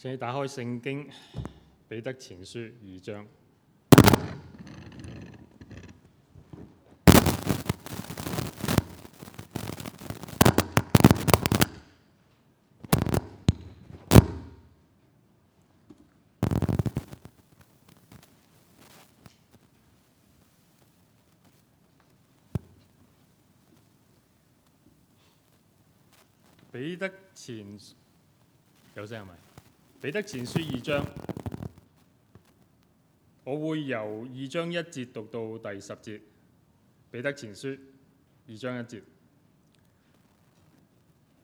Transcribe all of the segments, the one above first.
請你打開《聖經彼得前書》二章。彼得前有聲係咪？彼得前書二章，我會由二章一節讀到第十節。彼得前書二章一節，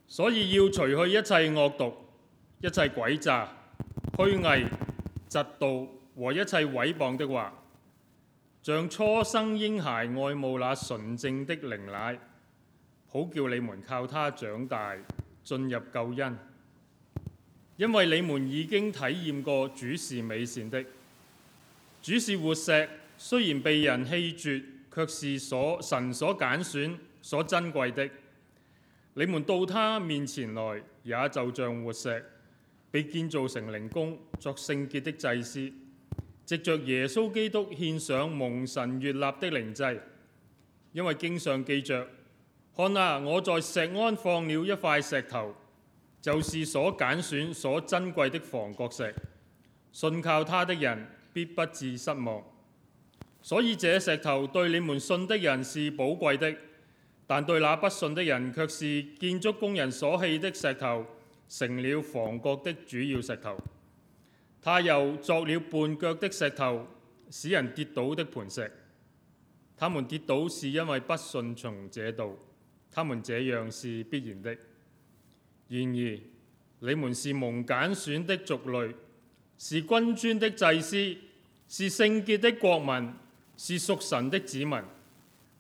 所以要除去一切惡毒、一切詭詐、虛偽、嫉妒和一切毀謗的話，像初生嬰孩愛慕那純正的靈奶，好叫你們靠他長大，進入救恩。因為你們已經體驗過主是美善的，主是活石，雖然被人棄絕，卻是所神所揀選、所珍貴的。你們到他面前來，也就像活石，被建造成靈宮，作聖潔的祭司，藉着耶穌基督獻上蒙神悅納的靈祭。因為經上記着：「看啊，我在錫安放了一塊石頭。就是所揀選所珍貴的房角石，信靠他的人必不致失望。所以這石頭對你們信的人是寶貴的，但對那不信的人却是建築工人所棄的石頭，成了房角的主要石頭。他又作了絆腳的石頭使人跌倒的磐石。他們跌倒是因為不順從這道，他們這樣是必然的。然而，你們是蒙揀選的族類，是君尊的祭司，是聖潔的國民，是屬神的子民，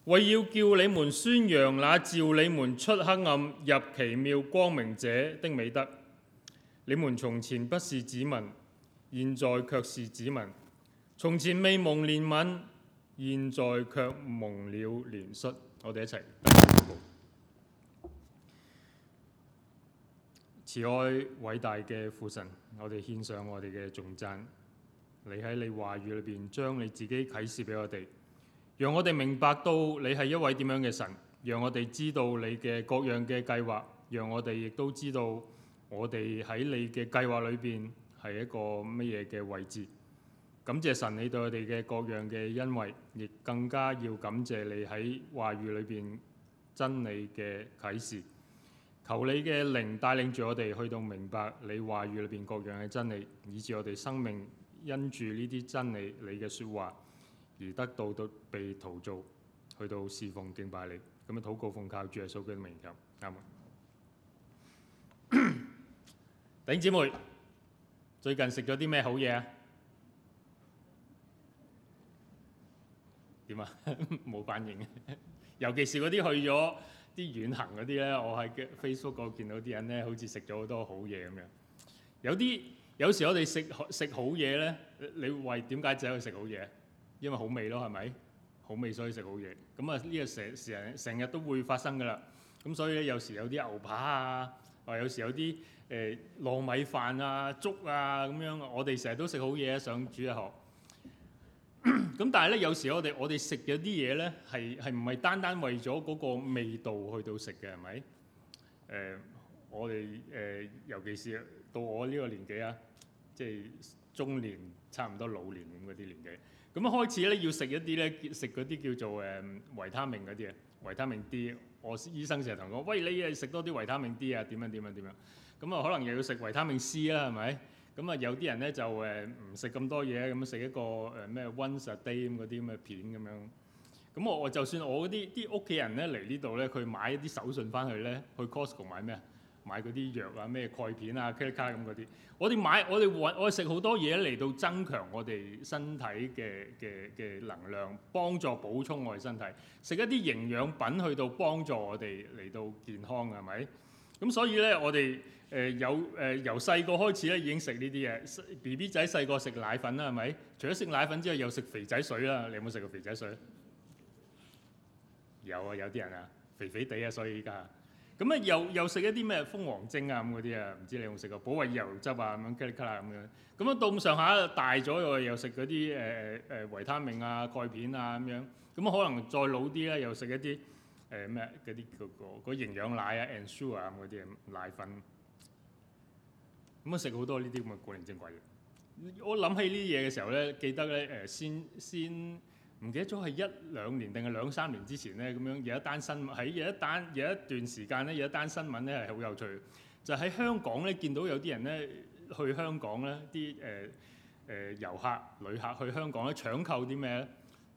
為要叫你們宣揚那召你們出黑暗入奇妙光明者的美德。你們從前不是子民，現在卻是子民；從前未蒙憐憫，現在卻蒙了憐恤。我哋一齊。慈愛偉大嘅父神，我哋獻上我哋嘅重讚。你喺你話語裏邊將你自己啟示俾我哋，讓我哋明白到你係一位點樣嘅神，讓我哋知道你嘅各樣嘅計劃，讓我哋亦都知道我哋喺你嘅計劃裏邊係一個乜嘢嘅位置。感謝神，你對我哋嘅各樣嘅恩惠，亦更加要感謝你喺話語裏邊真理嘅啟示。求你嘅靈帶領住我哋去到明白你話語裏邊各樣嘅真理，以致我哋生命因住呢啲真理、你嘅説話而得到到被陶造，去到侍奉敬拜你。咁樣禱告奉靠主耶穌嘅名入，啱啊！頂 姐妹，最近食咗啲咩好嘢啊？點啊？冇反應嘅， 尤其是嗰啲去咗。啲遠行嗰啲咧，我喺 Facebook 嗰度見到啲人咧，好似食咗好多好嘢咁樣。有啲有時我哋食食好嘢咧，你為點解走去食好嘢？因為好味咯，係咪？好味所以食好嘢。咁啊，呢個成成成日都會發生噶啦。咁所以有時有啲牛扒啊，或有時有啲誒糯米飯啊、粥啊咁樣，我哋成日都食好嘢，上主日學。咁 但係咧，有時我哋我哋食咗啲嘢咧，係係唔係單單為咗嗰個味道去到食嘅係咪？誒、呃，我哋誒、呃、尤其是到我呢個年紀啊，即係中年差唔多老年咁嗰啲年紀，咁一開始咧要食一啲咧食嗰啲叫做誒維他命嗰啲啊，維他命 D，我醫生成日同我講，喂，你啊食多啲維他命 D 啊，點樣點樣點樣，咁啊可能又要食維他命 C 啦，係咪？咁、嗯、啊有啲人咧就誒唔食咁多嘢，咁、嗯、食一個誒咩 once a day 嗰啲咁嘅片咁樣。咁、嗯、我我就算我啲啲屋企人咧嚟呢度咧，佢買一啲手信翻去咧，去 Costco 買咩啊？買嗰啲藥啊咩鈣片啊 Care 卡咁嗰啲。我哋買我哋揾我食好多嘢嚟到增強我哋身體嘅嘅嘅能量，幫助補充我哋身體，食一啲營養品去到幫助我哋嚟到健康係咪？咁、嗯、所以咧我哋。誒有誒，由細個開始咧已經食呢啲嘢。B B 仔細個食奶粉啦，係咪？除咗食奶粉之外，又食肥仔水啦。你有冇食過肥仔水？有啊，有啲人啊，肥肥哋啊，所以依家。咁啊，又又食一啲咩蜂王精啊咁嗰啲啊？唔知你有冇食過保胃油，油汁啊咁樣 k a l i k a l 咁樣。咁啊，到咁上下大咗又食嗰啲誒誒誒維他命啊、鈣片啊咁樣。咁啊，可能再老啲咧又食一啲誒咩嗰啲嗰個嗰、嗰個、營養奶啊、Ensure、啊嗰啲奶粉。咁樣食好多呢啲咁嘅古靈精怪嘅。我諗起呢啲嘢嘅時候咧，記得咧誒，先先唔記得咗係一兩年定係兩三年之前咧，咁樣有一單新聞喺有一單有一段時間咧，有一單新聞咧係好有趣，就喺、是、香港咧見到有啲人咧去香港咧啲誒誒遊客旅客去香港咧搶購啲咩咧？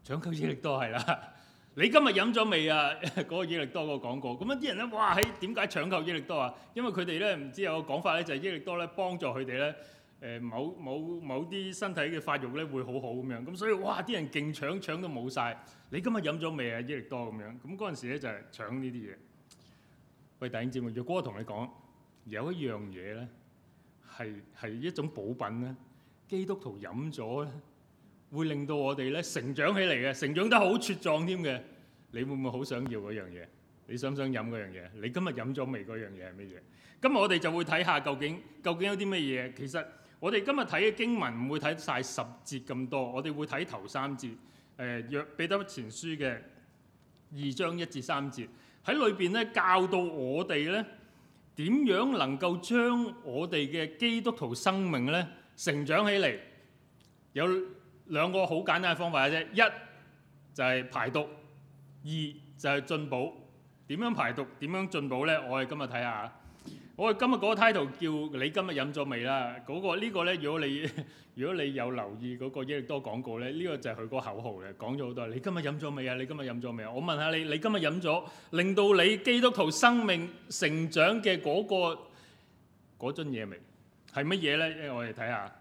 搶購益力多係啦。 你今日飲咗未啊？嗰 個益力多個廣告，咁啊啲人咧，哇！喺點解搶購益力多啊？因為佢哋咧，唔知有個講法咧，就係、是、益力多咧幫助佢哋咧，誒、呃、某某某啲身體嘅發育咧會好好咁樣，咁所以哇！啲人勁搶，搶都冇晒。你今日飲咗未啊？益力多咁樣，咁嗰陣時咧就係、是、搶呢啲嘢。喂，弟兄姊妹，若果我同你講有一樣嘢咧，係係一種補品咧，基督徒飲咗咧，會令到我哋咧成長起嚟嘅，成長得好茁壯添嘅。你會唔會好想要嗰樣嘢？你想唔想飲嗰樣嘢？你今日飲咗未？嗰樣嘢係乜嘢？今日我哋就會睇下究竟究竟有啲乜嘢？其實我哋今日睇嘅經文唔會睇晒十節咁多，我哋會睇頭三節。誒、呃、約彼得前書嘅二章一至三節喺裏邊咧教到我哋咧點樣能夠將我哋嘅基督徒生命咧成長起嚟有，兩個好簡單嘅方法啫，一就係排毒，二就係進補。點樣排毒？點樣進補咧？我哋今日睇下。我哋今日嗰個 title 叫你今日飲咗未啦？嗰個呢個咧，如果你如果你有留意嗰個益力多廣告咧，呢個就係佢嗰個口號嚟。講咗好多。你今日飲咗未啊？你今日飲咗未啊？我問下你，你今日飲咗令到你基督徒生命成長嘅嗰個嗰樽嘢未？係乜嘢咧？我哋睇下。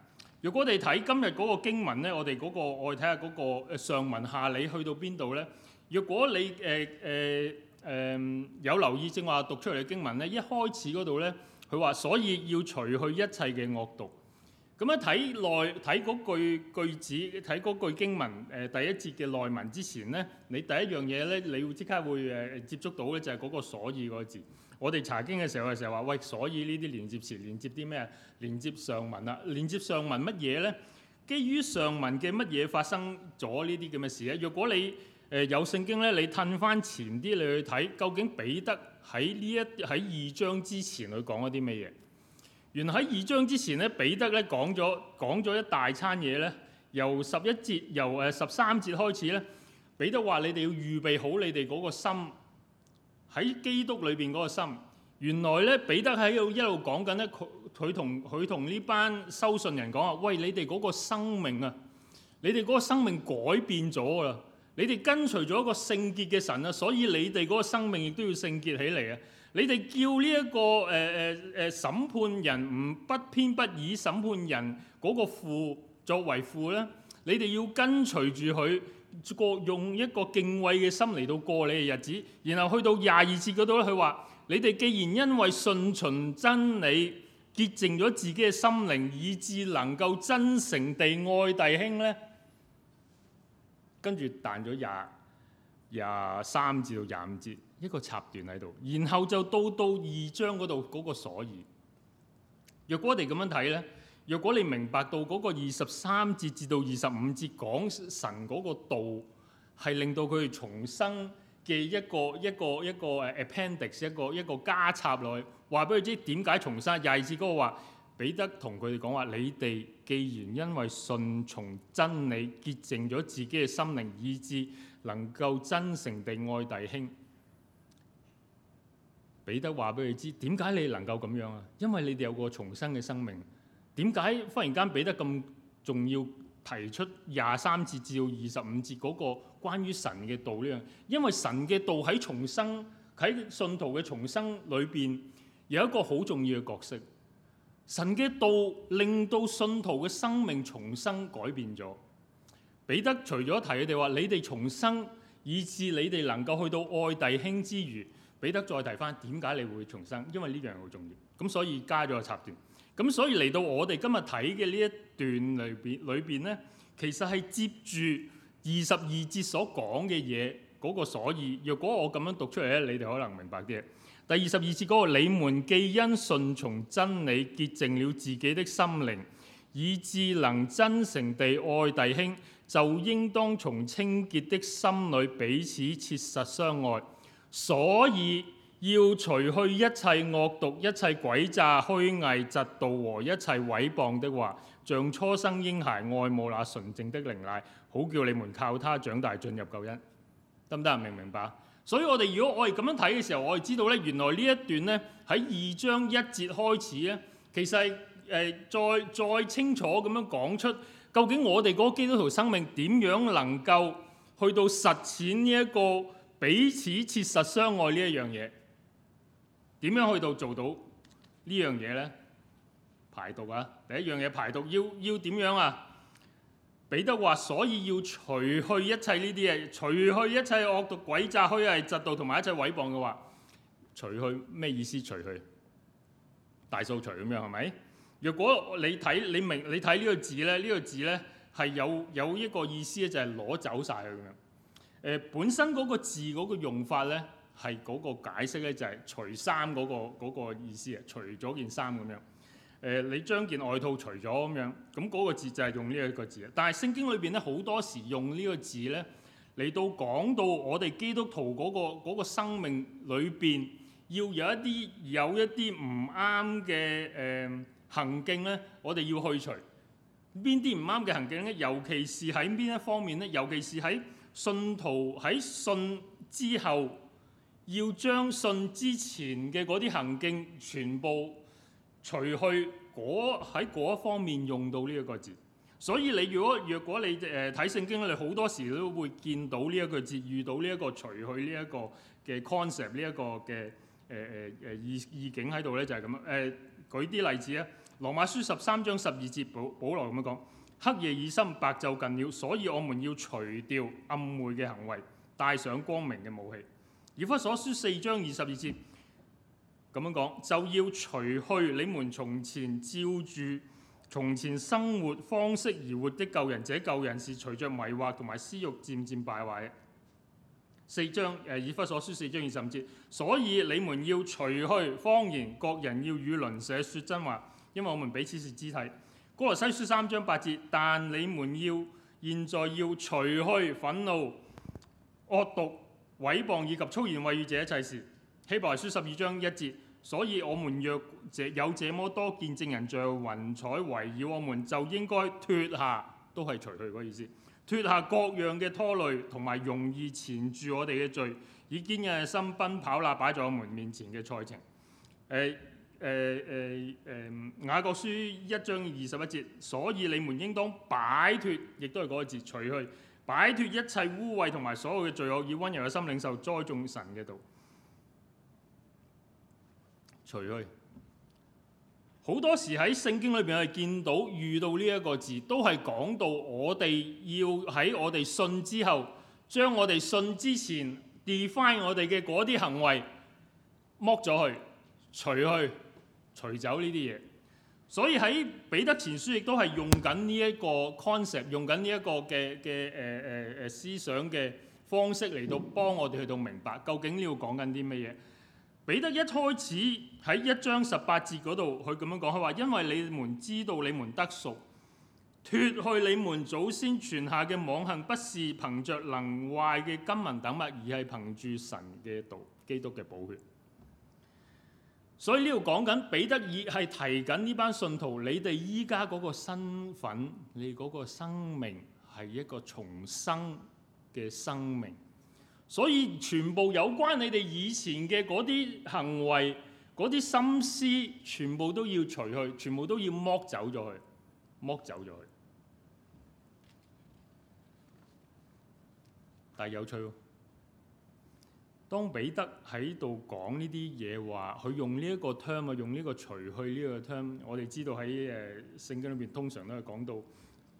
如果你睇今日嗰個經文咧，我哋嗰、嗰個我哋睇下嗰個上文下理去到邊度咧？如果你誒誒誒有留意，正話讀出嚟嘅經文咧，一開始嗰度咧，佢話所以要除去一切嘅惡毒。咁咧睇內睇嗰句句子，睇嗰句經文誒第一節嘅內文之前咧，你第一樣嘢咧，你會即刻會誒接觸到咧，就係嗰個所以個字。我哋查經嘅時候，就成日話：喂，所以呢啲連接詞連接啲咩啊？連接上文啦，連接上文乜嘢呢？基於上文嘅乜嘢發生咗呢啲咁嘅事咧？若果你誒有聖經呢，你褪翻前啲，你去睇究竟彼得喺呢一喺二章之前佢講咗啲咩嘢？原來喺二章之前呢，彼得呢講咗講咗一大餐嘢呢，由十一節由誒十三節開始呢。彼得話：你哋要預備好你哋嗰個心。喺基督裏邊嗰個心，原來咧，彼得喺度一路講緊咧，佢佢同佢同呢班收信人講啊，喂，你哋嗰個生命啊，你哋嗰個生命改變咗啦，你哋跟隨咗一個聖潔嘅神啊，所以你哋嗰個生命亦都要聖潔起嚟啊！你哋叫呢一個誒誒誒審判人唔不偏不倚審判人嗰個父作為父咧，你哋要跟隨住佢，過用一個敬畏嘅心嚟到過你嘅日子，然後去到廿二節嗰度咧，佢話：你哋既然因為順從真理，潔淨咗自己嘅心靈，以致能夠真誠地愛弟兄咧，跟住彈咗廿廿三至到廿五節一個插段喺度，然後就到到二章嗰度嗰個所以。若果我哋咁樣睇咧。若果你明白到嗰個二十三節至到二十五節講神嗰個道，係令到佢哋重生嘅一個一個一個誒 appendix，一個一個加插落去，話俾佢知點解重生。廿二節嗰個話彼得同佢哋講話：你哋既然因為信從真理潔淨咗自己嘅心靈，以致，能夠真誠地愛弟兄，彼得話俾佢知點解你能夠咁樣啊？因為你哋有個重生嘅生命。點解忽然間彼得咁重要提出廿三節至到二十五節嗰個關於神嘅道呢樣？因為神嘅道喺重生、喺信徒嘅重生裏邊有一個好重要嘅角色。神嘅道令到信徒嘅生命重生改變咗。彼得除咗提佢哋話你哋重生，以至你哋能夠去到愛弟兄之餘，彼得再提翻點解你會重生？因為呢樣好重要。咁所以加咗個插段。咁所以嚟到我哋今日睇嘅呢一段裏邊，裏邊咧，其實係接住二十二節所講嘅嘢嗰個所以。若果我咁樣讀出嚟咧，你哋可能明白啲。第二十二節嗰個，你們既因順從真理潔淨了自己的心靈，以致能真誠地愛弟兄，就應當從清潔的心裏彼此切實相愛。所以要除去一切惡毒、一切詭詐虛偽、嫉妒和一切毀謗的話，像初生嬰孩愛慕那純淨的靈奶，好叫你們靠他長大，進入救恩，得唔得？明唔明白？所以我哋如果我哋咁樣睇嘅時候，我哋知道呢，原來呢一段呢，喺二章一節開始呢，其實誒、呃、再再清楚咁樣講出究竟我哋嗰基督徒生命點樣能夠去到實踐呢一個彼此切實相愛呢一樣嘢。點樣去到做到呢樣嘢呢？排毒啊，第一樣嘢排毒要要點樣啊？彼得話，所以要除去一切呢啲嘢，除去一切惡毒、詭詐、虛偽、嫉妒同埋一切毀謗嘅話，除去咩意思？除去大掃除咁樣係咪？若果你睇你明你睇呢個字呢，呢、這個字呢係有有一個意思咧，就係攞走晒佢咁樣。誒，本身嗰個字嗰個用法呢。係嗰個解釋咧、嗰個，就係除衫嗰個意思啊，除咗件衫咁樣。誒、呃，你將件外套除咗咁樣，咁、嗰、嗰個字就係用呢一個字。但係聖經裏邊咧，好多時用呢個字咧嚟到講到我哋基督徒嗰、嗰個嗰個生命裏邊，要有一啲有一啲唔啱嘅誒行徑咧，我哋要去除邊啲唔啱嘅行徑咧？尤其是喺邊一方面咧？尤其是喺信徒喺信之後。要將信之前嘅嗰啲行徑全部除去，喺嗰一方面用到呢一個字。所以你如果若果你誒睇、呃、聖經咧，你好多時都會見到呢一個字，遇到呢一個除去呢一個嘅 concept，呢一個嘅誒誒誒意意境喺度咧，就係咁樣誒。舉啲例子啊，《羅馬書》十三章十二節，保保羅咁樣講：黑夜已深，白晝近了，所以我們要除掉暗昧嘅行為，帶上光明嘅武器。以弗所書四章二十二節咁樣講，就要除去你們從前照住從前生活方式而活的救人者，救人是隨着迷惑同埋私欲漸漸敗壞嘅。四章誒以弗所書四章二十五節，所以你們要除去謊言，各人要與鄰舍説真話，因為我們彼此是肢體。哥羅西書三章八節，但你們要現在要除去憤怒、惡毒、毀謗以及粗言穢語者一切事，《希伯來書》十二章一節，所以我們若有這麼多見證人像雲彩圍繞我們，就應該脱下，都係除去嗰個意思，脱下各樣嘅拖累同埋容易纏住我哋嘅罪，以堅毅嘅心奔跑啦擺在我們面前嘅賽程。誒誒誒誒，《雅各書》一章二十一節，所以你們應當擺脱，亦都係嗰個字，除去。擺脫一切污穢同埋所有嘅罪惡，以溫柔嘅心領受栽種神嘅道，除去。好多時喺聖經裏邊，我哋見到遇到呢一個字，都係講到我哋要喺我哋信之後，將我哋信之前 define 我哋嘅嗰啲行為剝咗佢，除去、除走呢啲嘢。所以喺彼得前書亦都係用緊呢一個 concept，用緊呢一個嘅嘅誒誒誒思想嘅方式嚟到幫我哋去到明白究竟你要講緊啲乜嘢。彼得一開始喺一章十八節嗰度，佢咁樣講，佢話：因為你們知道你們得贖，脱去你們祖先傳下嘅妄恨，不是憑着能壞嘅金銀等物，而係憑住神嘅道、基督嘅寶血。所以呢度講緊彼得爾係提緊呢班信徒，你哋依家嗰個身份，你嗰個生命係一個重生嘅生命。所以全部有關你哋以前嘅嗰啲行為、嗰啲心思，全部都要除去，全部都要剝走咗佢。剝走咗佢，但係有趣喎、哦。當彼得喺度講呢啲嘢話，佢用呢一個 term 啊，用呢個除去呢個 term，我哋知道喺誒聖經裏邊通常都係講到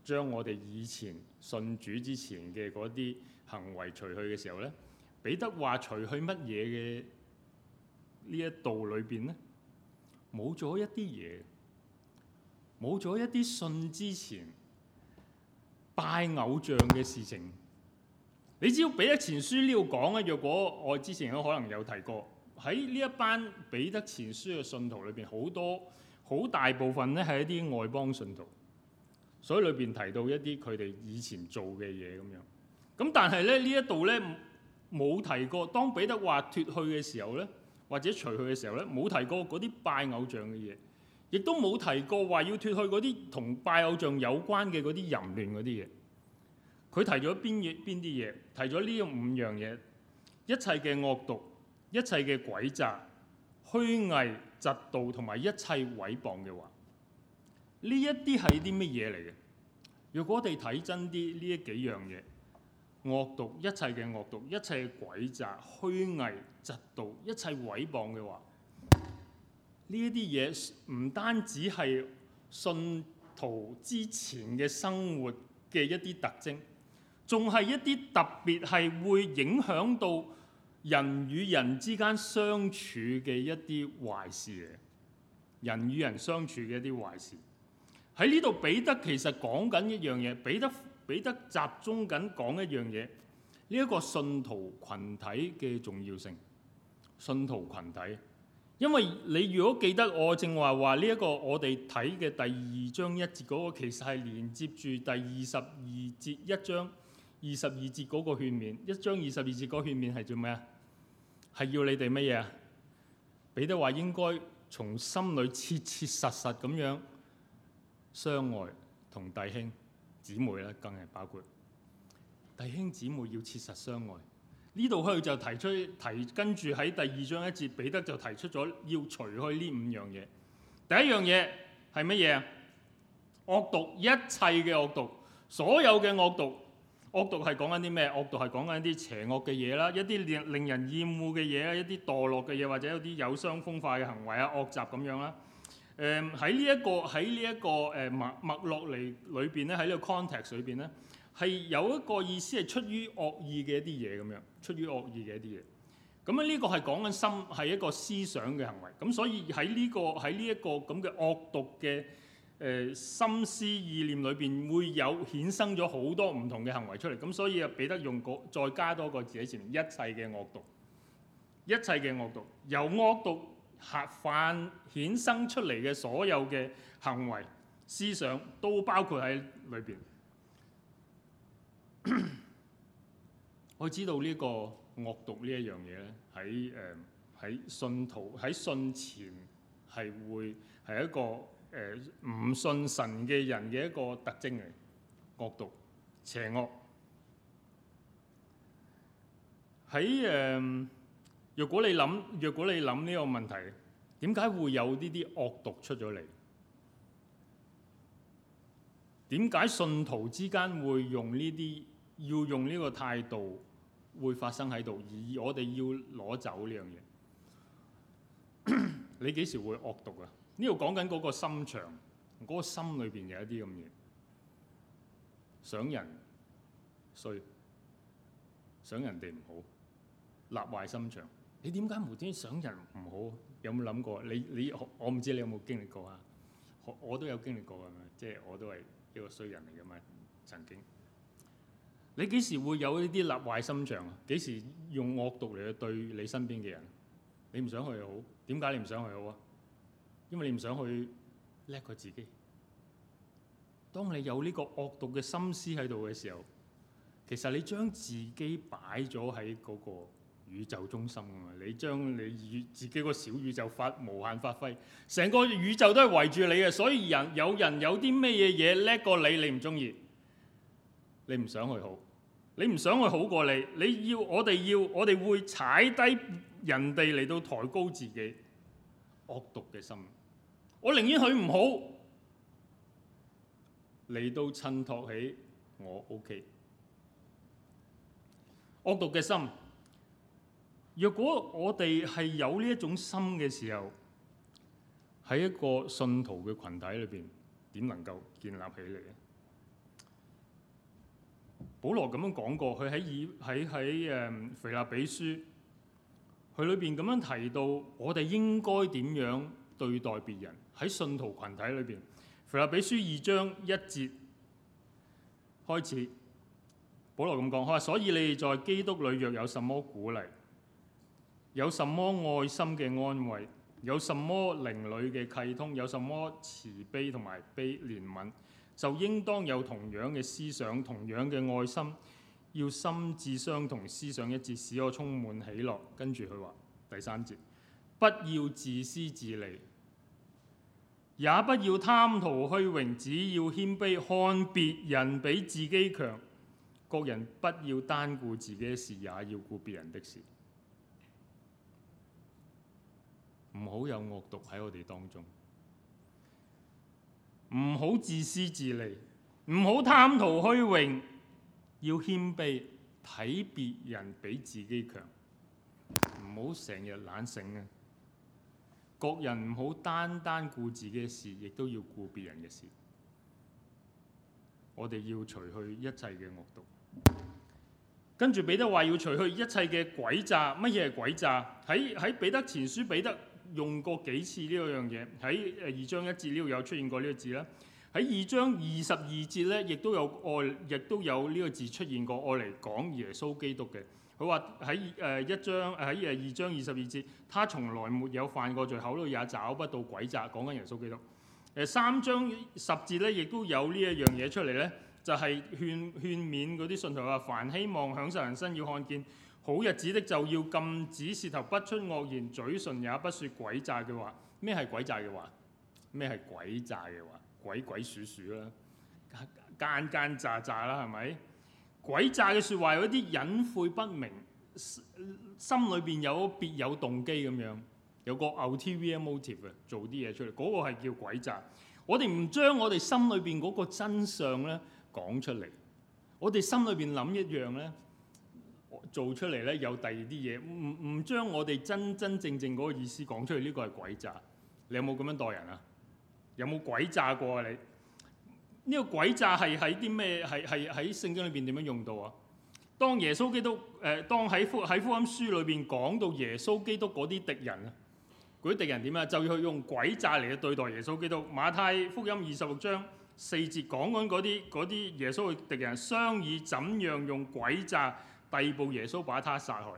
將我哋以前信主之前嘅嗰啲行為除去嘅時候咧，彼得話除去乜嘢嘅呢，一度裏邊咧，冇咗一啲嘢，冇咗一啲信之前拜偶像嘅事情。你知彼得前書呢度講咧，若果我之前都可能有提過，喺呢一班彼得前書嘅信徒裏邊，好多好大部分咧係一啲外邦信徒，所以裏邊提到一啲佢哋以前做嘅嘢咁樣。咁但係咧，呢一度咧冇提過，當彼得話脱去嘅時候咧，或者除去嘅時候咧，冇提過嗰啲拜偶像嘅嘢，亦都冇提過話要脱去嗰啲同拜偶像有關嘅嗰啲淫亂嗰啲嘢。佢提咗邊嘢？邊啲嘢？提咗呢五樣嘢，一切嘅惡毒，一切嘅詭詐、虛偽、嫉妒同埋一切毀謗嘅話，呢一啲係啲乜嘢嚟嘅？如果我哋睇真啲呢一幾樣嘢，惡毒一切嘅惡毒，一切嘅詭詐、虛偽、嫉妒、嫉妒，一切毀謗嘅話，呢一啲嘢唔單止係信徒之前嘅生活嘅一啲特徵。仲係一啲特別係會影響到人與人之間相處嘅一啲壞事嚟，人與人相處嘅一啲壞事。喺呢度彼得其實講緊一樣嘢，彼得彼得集中緊講一樣嘢，呢、這、一個信徒群體嘅重要性，信徒群體。因為你如果記得我正話話呢一個我哋睇嘅第二章一節嗰、那個，其實係連接住第二十二節一章。二十二節嗰個勸勉，一章二十二節嗰勸勉係做咩啊？係要你哋乜嘢啊？彼得話應該從心裏切切實實咁樣相愛，同弟兄姊妹咧，更係包括弟兄姊妹要切實相愛。呢度佢就提出提，跟住喺第二章一節，彼得就提出咗要除去呢五樣嘢。第一樣嘢係乜嘢啊？惡毒，一切嘅惡毒，所有嘅惡毒。惡毒係講緊啲咩？惡毒係講緊一啲邪惡嘅嘢啦，一啲令令人厭惡嘅嘢啦，一啲墮落嘅嘢或者有啲有傷風化嘅行為啊，惡習咁樣啦。誒喺呢一個喺呢一個誒脈脈絡裏邊咧，喺、呃、呢個 context 裏邊咧，係有一個意思係出於惡意嘅一啲嘢咁樣，出於惡意嘅一啲嘢。咁樣呢個係講緊心係一個思想嘅行為，咁、嗯、所以喺呢、呢個喺呢一個咁嘅惡毒嘅。誒心思意念裏邊會有衍生咗好多唔同嘅行為出嚟，咁所以又俾得用個再加多個字喺前面，一切嘅惡毒，一切嘅惡毒由惡毒犯衍生出嚟嘅所有嘅行為思想都包括喺裏邊。我知道呢、呢個惡毒呢一樣嘢咧，喺誒喺信徒喺信前係會係一個。誒、呃、唔信神嘅人嘅一個特徵嚟，惡毒、邪惡。喺誒、呃，若果你諗，若果你諗呢個問題，點解會有呢啲惡毒出咗嚟？點解信徒之間會用呢啲要用呢個態度會發生喺度？而我哋要攞走呢樣嘢，你幾時會惡毒啊？呢度講緊嗰個心腸，嗰、嗰個心裏邊有一啲咁嘢，想人衰，想人哋唔好，立壞心腸。你點解無端端想人唔好？有冇諗過？你你，我唔知你有冇經歷過啊？我我都有經歷過㗎嘛，即係我都係一個衰人嚟㗎嘛，曾經。你幾時會有呢啲立壞心腸？幾時用惡毒嚟去對你身邊嘅人？你唔想去就好，點解你唔想去好啊？因為你唔想去叻過自己，當你有呢個惡毒嘅心思喺度嘅時候，其實你將自己擺咗喺嗰個宇宙中心啊！你將你宇自己個小宇宙發無限發揮，成個宇宙都係圍住你嘅。所以人有人有啲咩嘢嘢叻過你，你唔中意，你唔想去好，你唔想去好過你，你要我哋要我哋會踩低人哋嚟到抬高自己，惡毒嘅心。我寧願佢唔好，嚟到襯托起我 OK。惡毒嘅心，若果我哋係有呢一種心嘅時候，喺一個信徒嘅群體裏邊，點能夠建立起嚟呢？保羅咁樣講過，佢喺以喺喺誒腓立比書，佢裏邊咁樣提到，我哋應該點樣？對待別人喺信徒群體裏邊，腓立比書二章一節開始，保羅咁講：佢所以你哋在基督裏若有什麼鼓勵，有什麼愛心嘅安慰，有什麼靈裏嘅契通，有什麼慈悲同埋悲憐憫，就應當有同樣嘅思想，同樣嘅愛心，要心智相同，思想一致，使我充滿喜樂。跟住佢話，第三節，不要自私自利。也不要貪圖虛榮，只要謙卑，看別人比自己強。各人不要單顧自己嘅事，也要顧別人的事。唔好有惡毒喺我哋當中，唔好自私自利，唔好貪圖虛榮，要謙卑，睇別人比自己強。唔好成日懶醒啊。各人唔好單單顧自己嘅事，亦都要顧別人嘅事。我哋要除去一切嘅惡毒，跟住彼得話要除去一切嘅詭詐。乜嘢係詭詐？喺喺彼得前書彼得用過幾次呢樣嘢？喺二章一節呢度有出現過呢個字啦。喺二章二十二節呢，亦都有愛，亦都有呢個字出現過，用嚟講耶穌基督嘅。佢話喺誒一章喺誒二章二十二節，他從來沒有犯過罪，口裏也找不到詭詐。講緊耶穌基督，誒三章十節咧，亦都有呢一樣嘢出嚟咧，就係、是、勸勸勉嗰啲信徒話：凡希望享受人生，要看見好日子的，就要禁止舌頭不出惡言，嘴唇也不説詭詐嘅話。咩係詭詐嘅話？咩係詭詐嘅話？鬼鬼祟祟啦，奸奸詐，詐詐啦，係咪？鬼詐嘅説話有一啲隱晦不明，心裏邊有別有動機咁樣，有個 ulterior motive 嘅做啲嘢出嚟，嗰、那個係叫鬼詐。我哋唔將我哋心裏邊嗰個真相咧講出嚟，我哋心裏邊諗一樣咧，做出嚟咧有第二啲嘢，唔唔將我哋真真正正嗰個意思講出嚟，呢、這個係鬼詐。你有冇咁樣待人啊？有冇鬼詐過啊你？呢、這個詭詐係喺啲咩？係係喺聖經裏邊點樣用到啊？當耶穌基督誒、呃，當喺福音福音書裏邊講到耶穌基督嗰啲敵人啊，嗰啲敵人點啊？就要去用詭詐嚟去對待耶穌基督。馬太福音二十六章四節講緊嗰啲啲耶穌嘅敵人，商議怎樣用詭詐逮捕耶穌，把他殺害。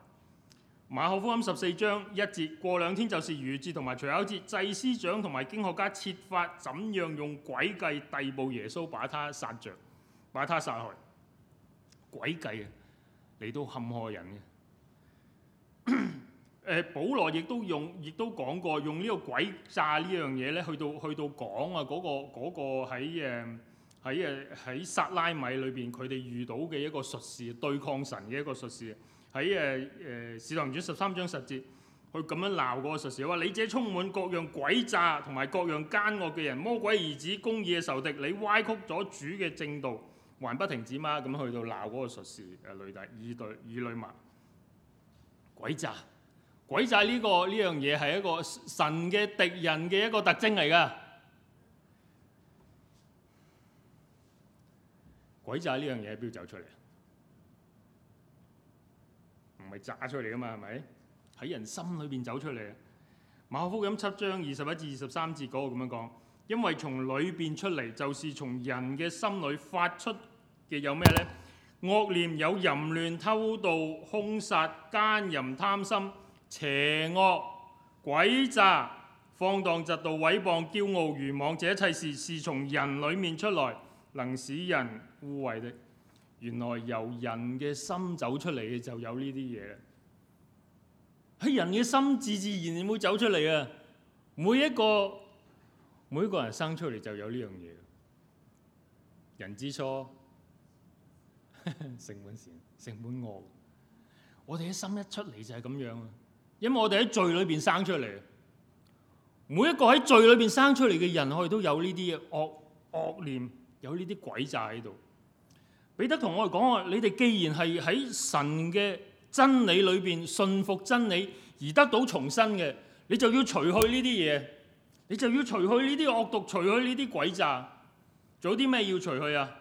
馬可福音十四章一節，過兩天就是逾節同埋除酵節。祭司長同埋經學家設法怎樣用詭計逮捕耶穌，把他殺着，把他殺害。詭計啊，嚟到陷害人嘅。誒， 保羅亦都用，亦都講過，用呢個詭詐呢樣嘢咧，去到去到講啊，嗰、嗰個喺誒喺誒喺撒拉米裏邊，佢哋遇到嘅一個術士，對抗神嘅一個術士。喺誒誒《使徒行傳》十三章十節，佢咁樣鬧嗰個術士，話你這充滿各樣詭詐同埋各樣奸惡嘅人，魔鬼兒子公義嘅仇敵，你歪曲咗主嘅正道，還不停止嗎？咁去到鬧嗰個術士誒女大二對二女萬詭詐，詭詐呢、這個呢樣嘢係一個神嘅敵人嘅一個特徵嚟㗎，詭詐呢樣嘢喺邊度走出嚟？咪炸出嚟啊嘛，係咪喺人心裏邊走出嚟？馬可福音七章二十一至二十三節嗰個咁樣講，因為從裏邊出嚟，就是從人嘅心裏發出嘅，有咩呢？惡念有淫亂、偷盜、兇殺、奸淫、貪心、邪惡、詭詐、放蕩、嫉妒、誹謗、驕傲、愚妄，這一切事是從人裏面出來，能使人污穢的。原來由人嘅心走出嚟嘅就有呢啲嘢，喺人嘅心自自然然會走出嚟啊！每一個每一個人生出嚟就有呢樣嘢，人之初，性本善，性本惡。我哋嘅心一出嚟就係咁樣啊！因為我哋喺罪裏邊生出嚟，每一個喺罪裏邊生出嚟嘅人，我哋都有呢啲惡惡念，有呢啲詭詐喺度。彼得同我哋講話：你哋既然係喺神嘅真理裏邊信服真理而得到重生嘅，你就要除去呢啲嘢，你就要除去呢啲惡毒，除去呢啲鬼詐。仲有啲咩要除去啊？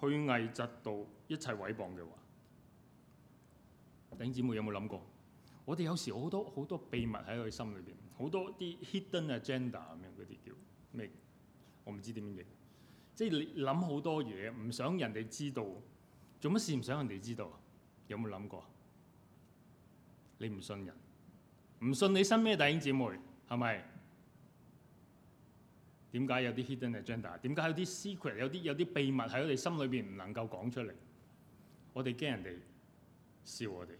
虛偽、嫉妒、一切毀謗嘅話，弟兄姊妹有冇諗過？我哋有時好多好多秘密喺佢心裏邊，好多啲 hidden agenda 咁樣嗰啲叫咩？我唔知點形容。即係你諗好多嘢，唔想人哋知道，做乜事唔想人哋知道啊？有冇諗過？你唔信人，唔信你身邊嘅弟兄姊妹係咪？點解有啲 hidden agenda？點解有啲 secret？有啲有啲秘密喺我哋心裏邊唔能夠講出嚟？我哋驚人哋笑我哋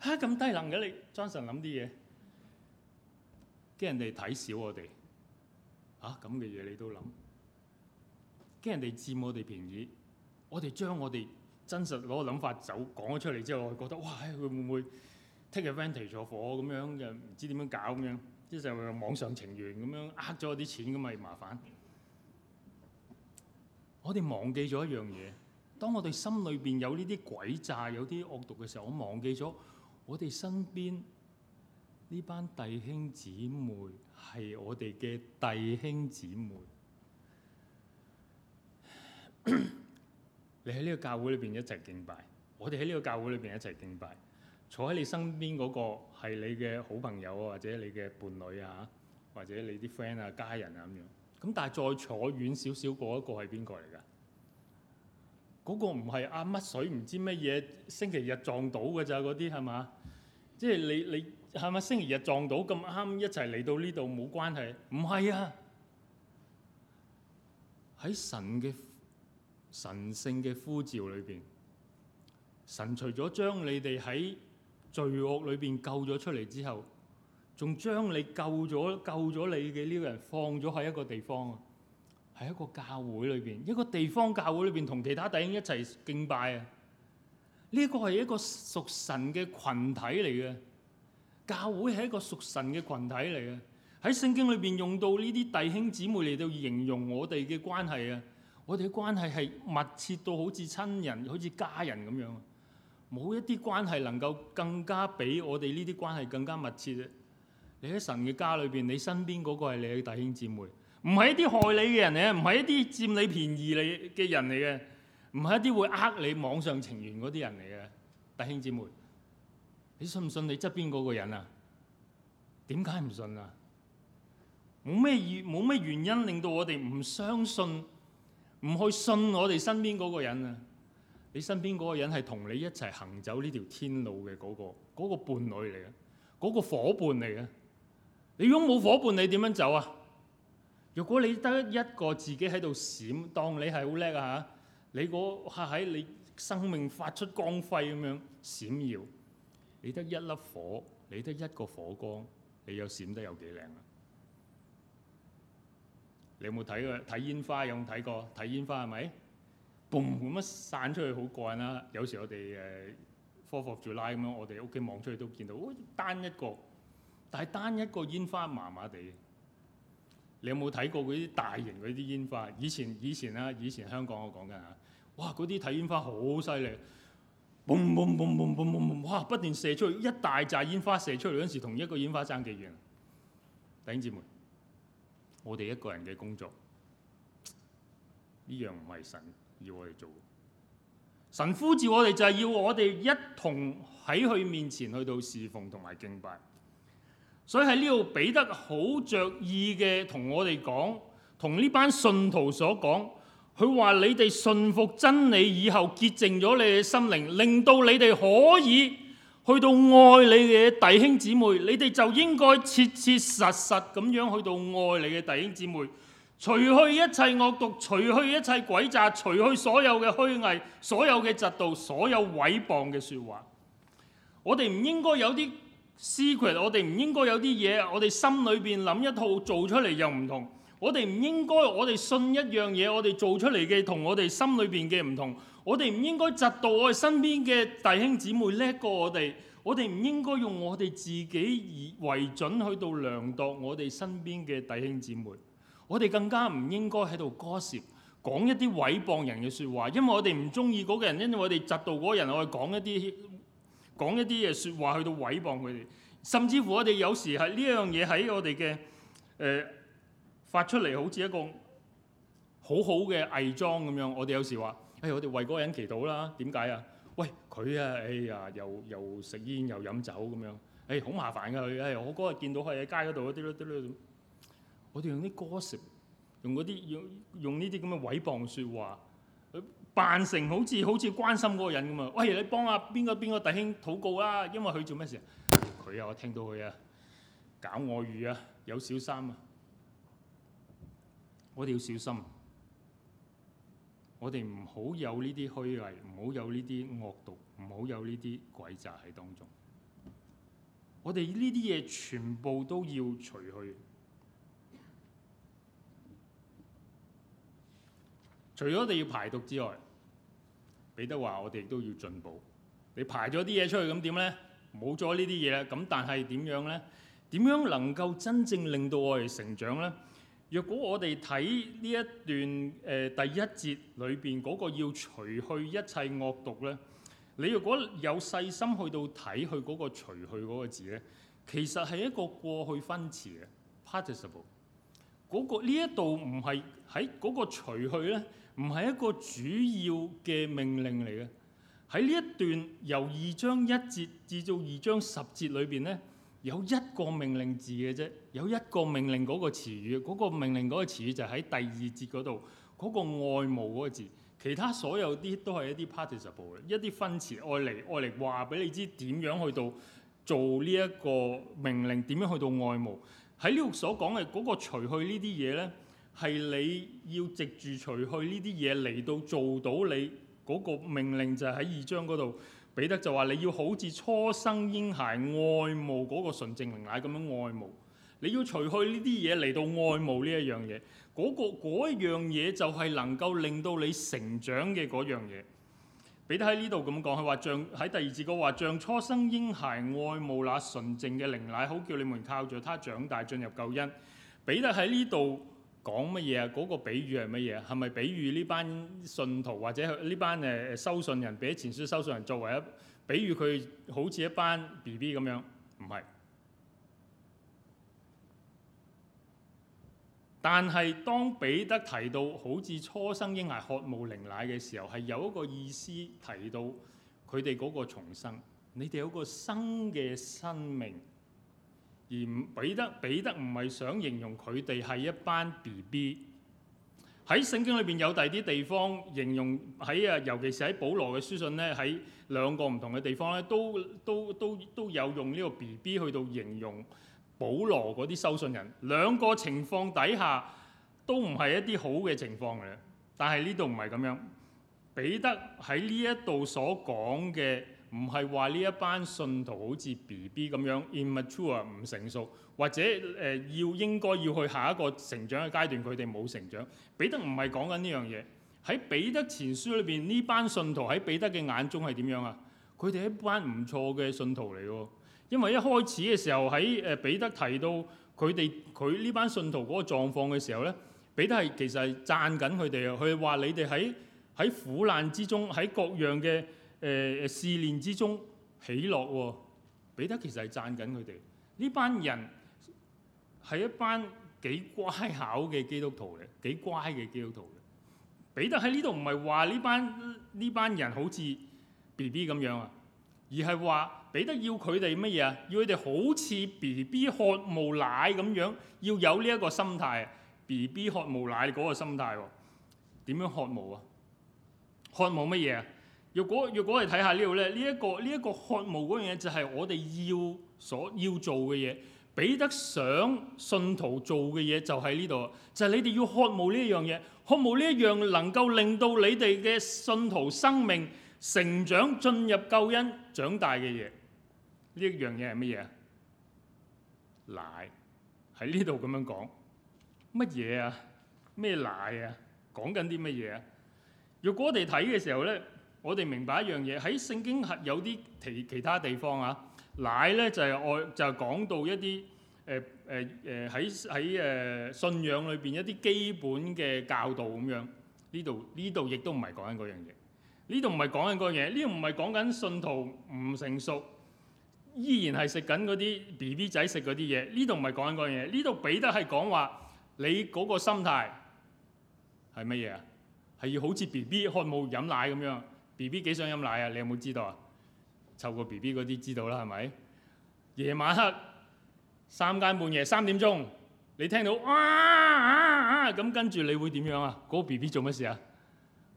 吓？咁低能嘅你，Johnson 諗啲嘢，驚人哋睇小我哋吓？咁嘅嘢你都諗？驚人哋佔我哋便宜，我哋將我哋真實攞個諗法走講咗出嚟之後，我覺得哇，佢會唔會 take advantage 咗火咁樣又唔知點樣搞咁樣，即係話網上情緣咁樣呃咗啲錢咁咪麻煩。我哋忘記咗一樣嘢，當我哋心裏邊有呢啲詭詐、有啲惡毒嘅時候，我忘記咗我哋身邊呢班弟兄姊妹係我哋嘅弟兄姊妹。 你喺呢個教會裏邊一齊敬拜，我哋喺呢個教會裏邊一齊敬拜。坐喺你身邊嗰個係你嘅好朋友啊，或者你嘅伴侶啊，或者你啲 friend 啊、家人啊咁樣。咁但係再坐遠少少嗰一個係邊個嚟㗎？嗰個唔係阿乜水唔知乜嘢，星期日撞到㗎咋嗰啲係嘛？即係你你係咪星期日撞到咁啱一齊嚟到呢度冇關係？唔係啊，喺神嘅，神聖嘅呼召裏邊，神除咗將你哋喺罪惡裏邊救咗出嚟之後，仲將你救咗救咗你嘅呢個人放咗喺一個地方啊，喺一個教會裏邊，一個地方教會裏邊同其他弟兄一齊敬拜啊，呢、這個、一個係一個屬神嘅群體嚟嘅，教會係一個屬神嘅群體嚟嘅，喺聖經裏邊用到呢啲弟兄姊妹嚟到形容我哋嘅關係啊。我哋嘅關係係密切到好似親人、好似家人咁樣啊，冇一啲關係能夠更加比我哋呢啲關係更加密切啫。你喺神嘅家裏邊，你身邊嗰個係你嘅弟兄姊妹，唔係一啲害你嘅人嚟啊，唔係一啲佔你便宜你嘅人嚟嘅，唔係一啲會呃你網上情緣嗰啲人嚟嘅。弟兄姊妹，你信唔信你側邊嗰個人啊？點解唔信啊？冇咩原冇咩原因令到我哋唔相信。唔去信我哋身邊嗰個人啊！你身邊嗰個人係同你一齊行走呢條天路嘅嗰個嗰個伴侶嚟嘅，嗰個夥伴嚟嘅、那個。你如果冇伙伴，你點樣走啊？如果你得一個自己喺度閃，當你係好叻啊嚇！你嗰刻喺你生命發出光輝咁樣閃耀，你得一粒火，你得一個火光，你又閃得有幾靚啊？你有冇睇過睇煙花，有冇睇過睇煙花係咪？嘣咁樣散出去好過癮啦。有時我哋誒 4th of July，咁樣，我哋屋企望出去都見到，哎、單一個。但係單一個煙花麻麻地。你有冇睇過嗰啲大型嗰啲煙花？以前以前啦，以前香港我講緊嚇。哇！嗰啲睇煙花好犀利。嘣嘣嘣嘣嘣嘣哇，不斷射出去，一大紮煙花射出嚟嗰時，同一個煙花爭幾遠？弟兄姊妹。我哋一個人嘅工作，呢樣唔係神要我哋做的。神呼召我哋就係要我哋一同喺佢面前去到侍奉同埋敬拜。所以喺呢度彼得好着意嘅同我哋講，同呢班信徒所講，佢話：你哋信服真理以後，潔淨咗你哋嘅心靈，令到你哋可以去到愛你嘅弟兄姊妹，你哋就應該切切實實咁樣去到愛你嘅弟兄姊妹，除去一切惡毒，除去一切詭詐，除去所有嘅虛偽、所有嘅嫉妒、所有毀謗嘅説話。我哋唔應該有啲秘密，我哋唔應該有啲嘢，我哋心裏邊諗一套做出嚟又唔同。我哋唔應該，我哋信一樣嘢，我哋做出嚟嘅同我哋心裏邊嘅唔同。我哋唔應該嫉妒我哋身邊嘅弟兄姊妹叻過我哋，我哋唔應該用我哋自己以為準去到量度我哋身邊嘅弟兄姊妹，我哋更加唔應該喺度割舌，講一啲毀謗人嘅説話，因為我哋唔中意嗰個人，因為我哋嫉妒嗰個人講，我哋講一啲講一啲嘅説話去到毀謗佢哋，甚至乎我哋有時係呢樣嘢喺我哋嘅誒發出嚟，好似一個。好好嘅偽裝咁樣，我哋有時話，誒、哎，我哋為嗰個人祈禱啦，點解啊？喂，佢啊，哎呀，又又食煙又飲酒咁樣，誒、哎，好麻煩㗎佢，誒，我嗰日見到佢喺街嗰度嗰啲咯啲咯咁，我哋用啲歌 o 用嗰啲用用呢啲咁嘅毀謗説話，扮成好似好似關心嗰個人咁啊！喂，你幫下、啊、邊個邊個弟兄禱告啦，因為佢做咩事啊？佢啊，我聽到佢啊，搞我遇啊，有小三啊，我哋要小心。我哋唔好有呢啲虛偽，唔好有呢啲惡毒，唔好有呢啲詭詐喺當中。我哋呢啲嘢全部都要除去。除咗我哋要排毒之外，彼得話我哋都要進步。你排咗啲嘢出去咁點呢？冇咗呢啲嘢啦。咁但係點樣呢？點樣能夠真正令到我哋成長呢？若果我哋睇呢一段誒第一節裏邊嗰個要除去一切惡毒咧，你如果有細心去到睇佢嗰個除去嗰個字咧，其實係一個過去分詞嘅 participle 嗰、那個、那個、呢一度唔係喺嗰個除去咧，唔係一個主要嘅命令嚟嘅。喺呢一段由二章一節至到二章十節裏邊咧。有一個命令字嘅啫，有一個命令嗰個詞語，嗰個命令嗰個詞語就喺第二節嗰度，嗰個愛慕嗰個字，其他所有啲都係一啲 participle 嘅，一啲分詞，愛嚟愛嚟話俾你知點樣去到做呢一個命令，點樣去到愛慕。喺呢度所講嘅嗰個除去呢啲嘢呢，係你要藉住除去呢啲嘢嚟到做到你嗰個命令，就喺二章嗰度。彼得就話：你要好似初生嬰孩愛慕嗰個純淨靈奶咁樣愛慕，你要除去呢啲嘢嚟到愛慕呢一、嗰個、樣嘢，嗰個嗰樣嘢就係能夠令到你成長嘅嗰樣嘢。彼得喺呢度咁講，佢話像喺第二節佢話像初生嬰孩愛慕那純淨嘅靈奶，好叫你們靠著他長大，進入救恩。彼得喺呢度。講乜嘢啊？嗰個比喻係乜嘢？係咪比喻呢班信徒或者呢班誒收信人？彼得前書收信人作為一比喻，佢好似一班 B B 咁樣？唔係。但係當彼得提到好似初生嬰孩渴慕靈奶嘅時候，係有一個意思提到佢哋嗰個重生。你哋有個新嘅生命。而彼得彼得唔係想形容佢哋係一班 B.B. 喺聖經裏邊有第啲地方形容喺啊，尤其是喺保羅嘅書信咧，喺兩個唔同嘅地方咧，都都都都，都有用呢個 B.B. 去到形容保羅嗰啲收信人。兩個情況底下都唔係一啲好嘅情況嘅，但係呢度唔係咁樣。彼得喺呢一度所講嘅。唔係話呢一班信徒好似 B B 咁樣 immature 唔成熟，或者誒要、呃、應該要去下一個成長嘅階段，佢哋冇成長。彼得唔係講緊呢樣嘢。喺彼得前書裏邊，呢班信徒喺彼得嘅眼中係點樣啊？佢哋係一班唔錯嘅信徒嚟嘅，因為一開始嘅時候喺誒彼得提到佢哋佢呢班信徒嗰個狀況嘅時候咧，彼得係其實讚緊佢哋啊，佢話你哋喺喺苦難之中喺各樣嘅。誒試練之中喜樂喎，哦，彼得其實係讚緊佢哋呢班人係一班幾乖巧嘅基督徒嚟，幾乖嘅基督徒咧。彼得喺呢度唔係話呢班呢班人好似 B B 咁樣啊，而係話彼得要佢哋乜嘢啊？要佢哋好似 B B 渴慕奶咁樣，要有呢一個心態，B B 渴慕奶嗰個心態喎。點樣渴慕啊？渴慕乜嘢啊？若果若果我哋睇下呢度咧，呢一個呢一個渴慕嗰樣嘢就係我哋要所要做嘅嘢，彼得想信徒做嘅嘢就喺呢度，就係你哋要渴慕呢一樣嘢，渴慕呢一樣能夠令到你哋嘅信徒生命成長、進入救恩、長大嘅嘢，呢一樣嘢係乜嘢啊？奶喺呢度咁樣講乜嘢啊？咩奶啊？講緊啲乜嘢啊？若果我哋睇嘅時候咧。我哋明白一樣嘢，喺聖經係有啲其其他地方啊，奶咧就係、是、外就係、是、講到一啲誒誒誒喺喺誒信仰裏邊一啲基本嘅教導咁樣。呢度呢度亦都唔係講緊嗰樣嘢。呢度唔係講緊嗰樣嘢，呢度唔係講緊信徒唔成熟，依然係食緊嗰啲 B B 仔食嗰啲嘢。呢度唔係講緊嗰樣嘢。呢度彼得係講話你嗰個心態係乜嘢啊？係要好似 B B 渴慕飲奶咁樣。B B 幾想飲奶啊？你有冇知道啊？湊個 B B 嗰啲知道啦，係咪？夜晚黑三更半夜三點鐘，你聽到啊！咁、啊啊啊、跟住你會點樣啊？嗰、嗰個 B B 做乜事啊？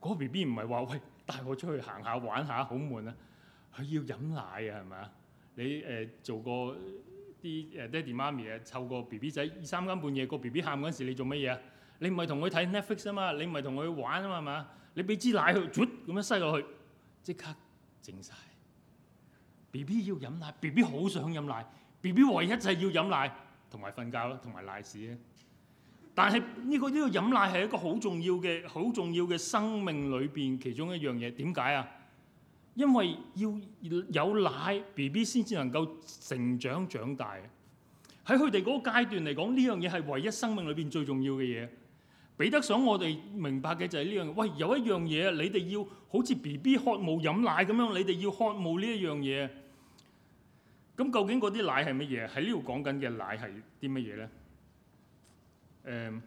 嗰、嗰個 B B 唔係話喂，帶我出去行下玩下好悶啊，佢要飲奶啊係咪？你誒、呃、做過啲誒爹哋媽咪啊湊個 B B 仔三更半夜、嗰個 B B 喊嗰陣時你做乜嘢啊？你唔係同佢睇 Netflix 啊嘛，你唔係同佢玩啊嘛，係嘛？你俾支奶去啜咁樣塞落去，即刻整曬。B B 要飲奶，B B 好想飲奶，B B 唯一就係要飲奶同埋瞓覺咯，同埋瀨屎咧。但係呢個呢個飲奶係一個好重要嘅、好重要嘅生命裏邊其中一樣嘢。點解啊？因為要有奶，B B 先至能夠成長長大。喺佢哋嗰個階段嚟講，呢樣嘢係唯一生命裏邊最重要嘅嘢。彼得想我哋明白嘅就係呢樣，喂，有一樣嘢你哋要好似 B B 渴慕飲奶咁樣，你哋要渴慕呢一樣嘢。咁究竟嗰啲奶係乜嘢？喺呢度講緊嘅奶係啲乜嘢呢？誒、嗯，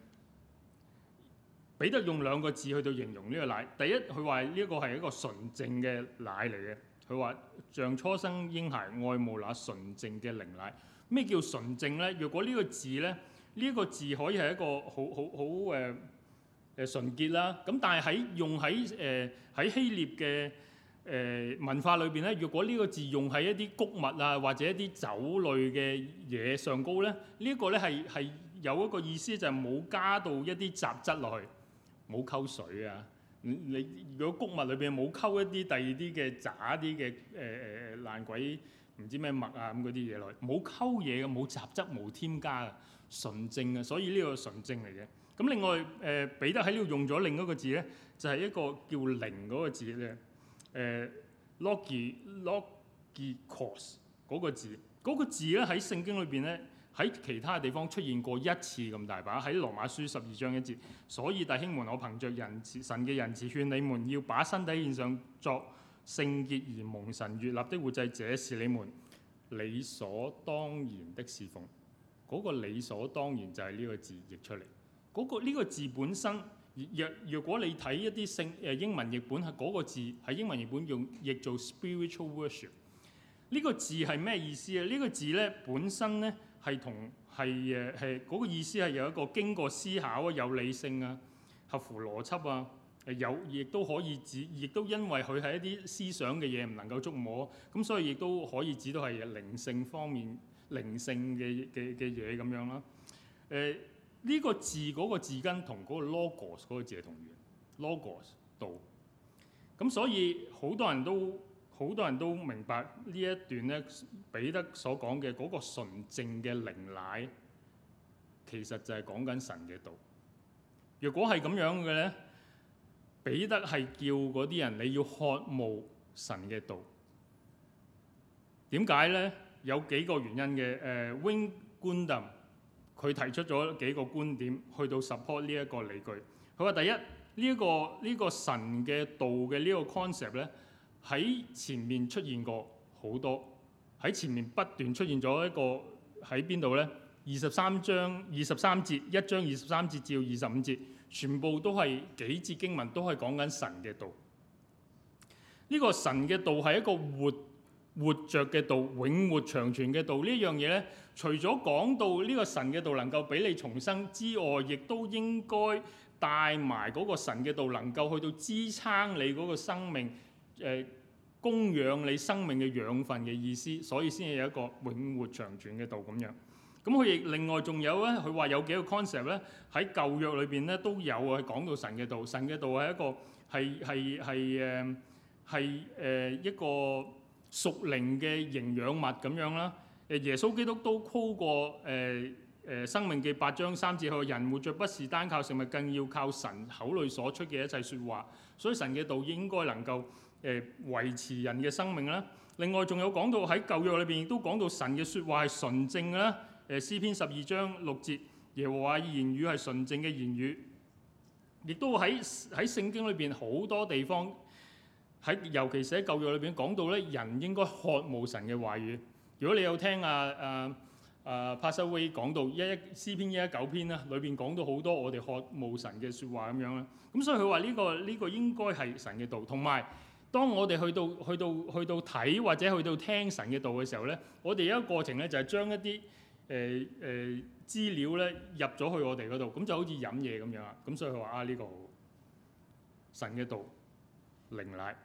彼得用兩個字去到形容呢個奶，第一佢話呢一個係一個純正嘅奶嚟嘅，佢話像初生嬰孩愛慕那純正嘅靈奶。咩叫純正呢？若果呢個字呢。呢、這、一個字可以係一個好好好誒誒純潔啦。咁但係喺用喺誒喺希臘嘅誒、呃、文化裏邊咧，若果呢個字用喺一啲穀物啊或者一啲酒類嘅嘢上高咧，這個、呢一個咧係係有一個意思就係、是、冇加到一啲雜質落去，冇溝水啊。你如果穀物裏邊冇溝一啲第二啲嘅渣啲嘅誒誒誒爛鬼唔知咩物啊咁嗰啲嘢落去，冇溝嘢嘅，冇雜質冇添加嘅。純正啊，所以呢個純正嚟嘅。咁另外誒、呃，彼得喺呢度用咗另一個字呢，就係、是、一個叫靈嗰個字嘅、呃、logi logikos 嗰個字。嗰、那個字呢，喺聖經裏邊呢，喺其他地方出現過一次咁大把，喺羅馬書十二章一節。所以弟兄們，我憑著人神嘅仁慈，勸你們要把身體獻上作聖潔而蒙神悦納的活祭，這是你們理所當然的侍奉。嗰、那個理所當然就係呢個字譯出嚟、那個。嗰個呢個字本身，若若果你睇一啲聖誒英文譯本，係、那、嗰個字係英文譯本用譯做 spiritual worship。呢個字係咩意思啊？呢、這個字咧本身咧係同係誒係嗰個意思係有一個經過思考啊、有理性啊、合乎邏輯啊，誒有亦都可以指，亦都因為佢係一啲思想嘅嘢唔能夠觸摸，咁所以亦都可以指到係靈性方面。靈性嘅嘅嘅嘢咁樣啦，誒、呃、呢、呢個字嗰、嗰個字根同嗰個 logos 嗰個字係同源，logos 道。咁所以好多人都好多人都明白呢一段咧，彼得所講嘅嗰個純正嘅靈奶，其實就係講緊神嘅道。若果係咁樣嘅咧，彼得係叫嗰啲人你要渴慕神嘅道。點解咧？有幾個原因嘅，誒，呃，Wing Gundam 佢提出咗幾個觀點，去到 support 呢一個理據。佢話第一，呢一個呢個神嘅道嘅呢個 concept 咧，喺前面出現過好多，喺前面不斷出現咗一個喺邊度咧？二十三章二十三節，一章二十三節至到二十五節，全部都係幾節經文都係講緊神嘅道。呢個神嘅道係一個活。活着嘅道，永活長存嘅道呢樣嘢咧，除咗講到呢個神嘅道能夠俾你重生之外，亦都應該帶埋嗰個神嘅道能夠去到支撐你嗰個生命，誒供養你生命嘅養分嘅意思，所以先至有一個永活長存嘅道咁樣。咁佢亦另外仲有咧，佢話有幾個 concept 咧喺舊約裏邊咧都有啊，講到神嘅道，神嘅道係一個係係係誒係誒一個。屬靈嘅營養物咁樣啦，誒耶穌基督都 quote 過誒誒、呃呃、生命嘅八章三節，佢話人活着不是單靠食物，更要靠神口裡所出嘅一切説話。所以神嘅道應該能夠誒維持人嘅生命啦。另外仲有講到喺舊約裏邊亦都講到神嘅説話係純正啦。誒詩篇十二章六節，耶和華言語係純正嘅言語。亦都喺喺聖經裏邊好多地方。喺尤其是喺舊約裏邊講到咧，人應該渴慕神嘅話語。如果你有聽阿阿阿帕斯威講到一一詩篇一一九篇啦，裏邊講到好多我哋渴慕神嘅説話咁樣咧。咁所以佢話呢個呢個應該係神嘅道。同埋當我哋去到去到去到睇或者去到聽神嘅道嘅時候咧，我哋有一個過程咧，就係將一啲誒誒資料咧入咗去我哋嗰度，咁就好似飲嘢咁樣啦。咁所以佢話啊，呢個神嘅道靈奶。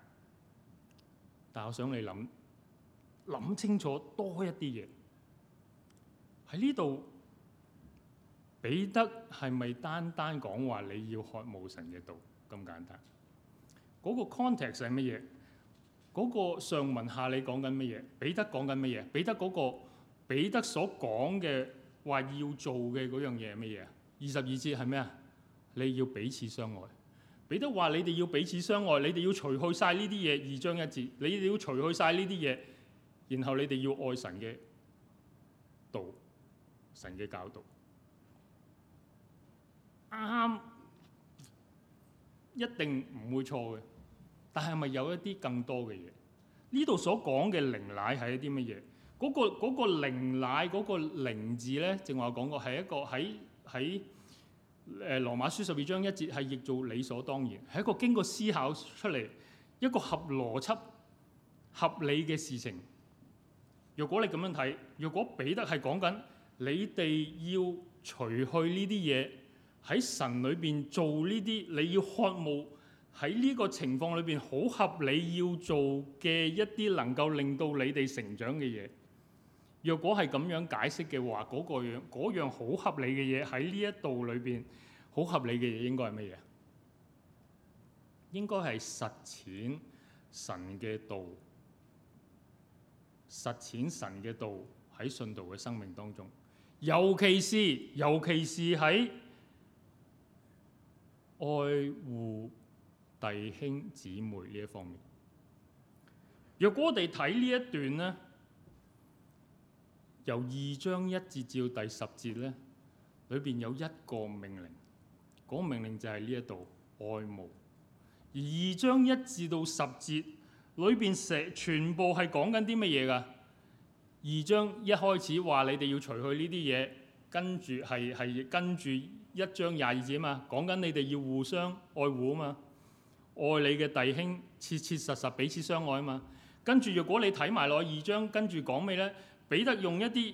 但我想你諗，諗清楚多一啲嘢喺呢度。彼得係咪單單講話你要渴慕神嘅道咁簡單？嗰個 context 係乜嘢？嗰個上文下你講緊乜嘢？彼得講緊乜嘢？彼得嗰個彼得所講嘅話要做嘅樣嘢係乜嘢？二十二節係咩啊？你要彼此相愛。彼得話，你哋要彼此相愛，你哋要除去晒呢啲嘢，二章一節，你哋要除去晒呢啲嘢，然後你哋要愛神嘅道，神嘅教導，啱、嗯，一定唔會錯嘅。但係咪有一啲更多嘅嘢？那個那個那個、呢度所講嘅靈奶係一啲乜嘢？嗰個靈奶嗰個靈字咧，正話講過係一個喺喺。誒羅馬書十二章一節係譯做理所當然，係一個經過思考出嚟一個合邏輯、合理嘅事情。若果你咁樣睇，若果彼得係講緊你哋要除去呢啲嘢，喺神裏邊做呢啲，你要渴慕喺呢個情況裏邊好合理要做嘅一啲能夠令到你哋成長嘅嘢。若果係咁樣解釋嘅話，嗰個樣、嗰樣好合理嘅嘢喺呢一度裏面。好合理嘅嘢應該係乜嘢？應該係實踐神嘅道，實踐神嘅道喺信道嘅生命當中，尤其是，尤其是喺愛護弟兄姊妹呢一方面。若果我哋睇呢一段呢。由二章一節至到第十節呢，裏邊有一個命令，講、嗰個、命令就係呢一度愛慕。而二章一至到十節裏邊成全部係講緊啲乜嘢㗎？二章一開始話你哋要除去呢啲嘢，跟住係係跟住一章廿二節啊嘛，講緊你哋要互相愛護啊嘛，愛你嘅弟兄，切切實實彼此相愛啊嘛。跟住若果你睇埋落二章，跟住講咩呢？彼得用一啲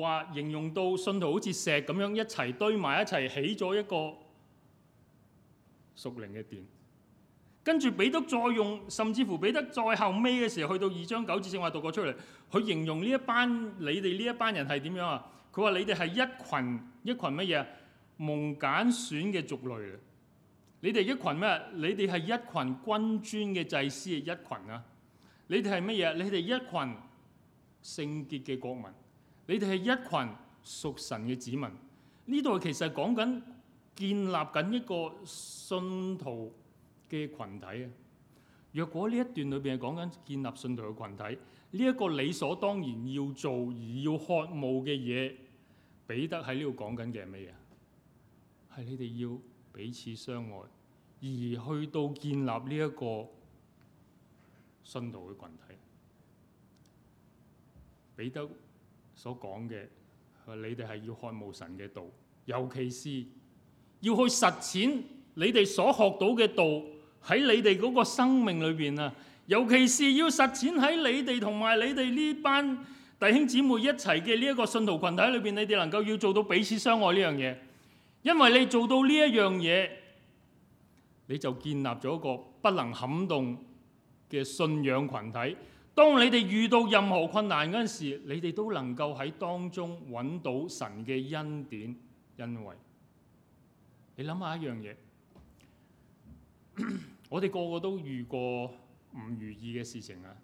話形容到信徒好似石咁樣一齊堆埋一齊起咗一個屬靈嘅殿，跟住彼得再用，甚至乎彼得再後尾嘅時候去到二章九字正話讀過出嚟，佢形容呢一班你哋呢一班人係點樣啊？佢話你哋係一群一群乜嘢蒙揀選嘅族類啊！你哋一群咩？你哋係一群君尊嘅祭司，一群啊！你哋係乜嘢？你哋一群。聖潔嘅國民，你哋係一群屬神嘅子民。呢度其實講緊建立緊一個信徒嘅群體啊。若果呢一段裏邊係講緊建立信徒嘅群體，呢一個理所當然要做而要渴慕嘅嘢，彼得喺呢度講緊嘅係咩嘢？係你哋要彼此相愛，而去到建立呢一個信徒嘅群體。彼得所講嘅，你哋係要渴慕神嘅道，尤其是要去實踐你哋所學到嘅道喺你哋嗰個生命裏邊啊，尤其是要實踐喺你哋同埋你哋呢班弟兄姊妹一齊嘅呢一個信徒群體裏邊，你哋能夠要做到彼此相愛呢樣嘢，因為你做到呢一樣嘢，你就建立咗一個不能撼動嘅信仰群體。當你哋遇到任何困難嗰陣時，你哋都能夠喺當中揾到神嘅恩典、恩惠。你諗下一樣嘢，我哋個個都遇過唔如意嘅事情啊！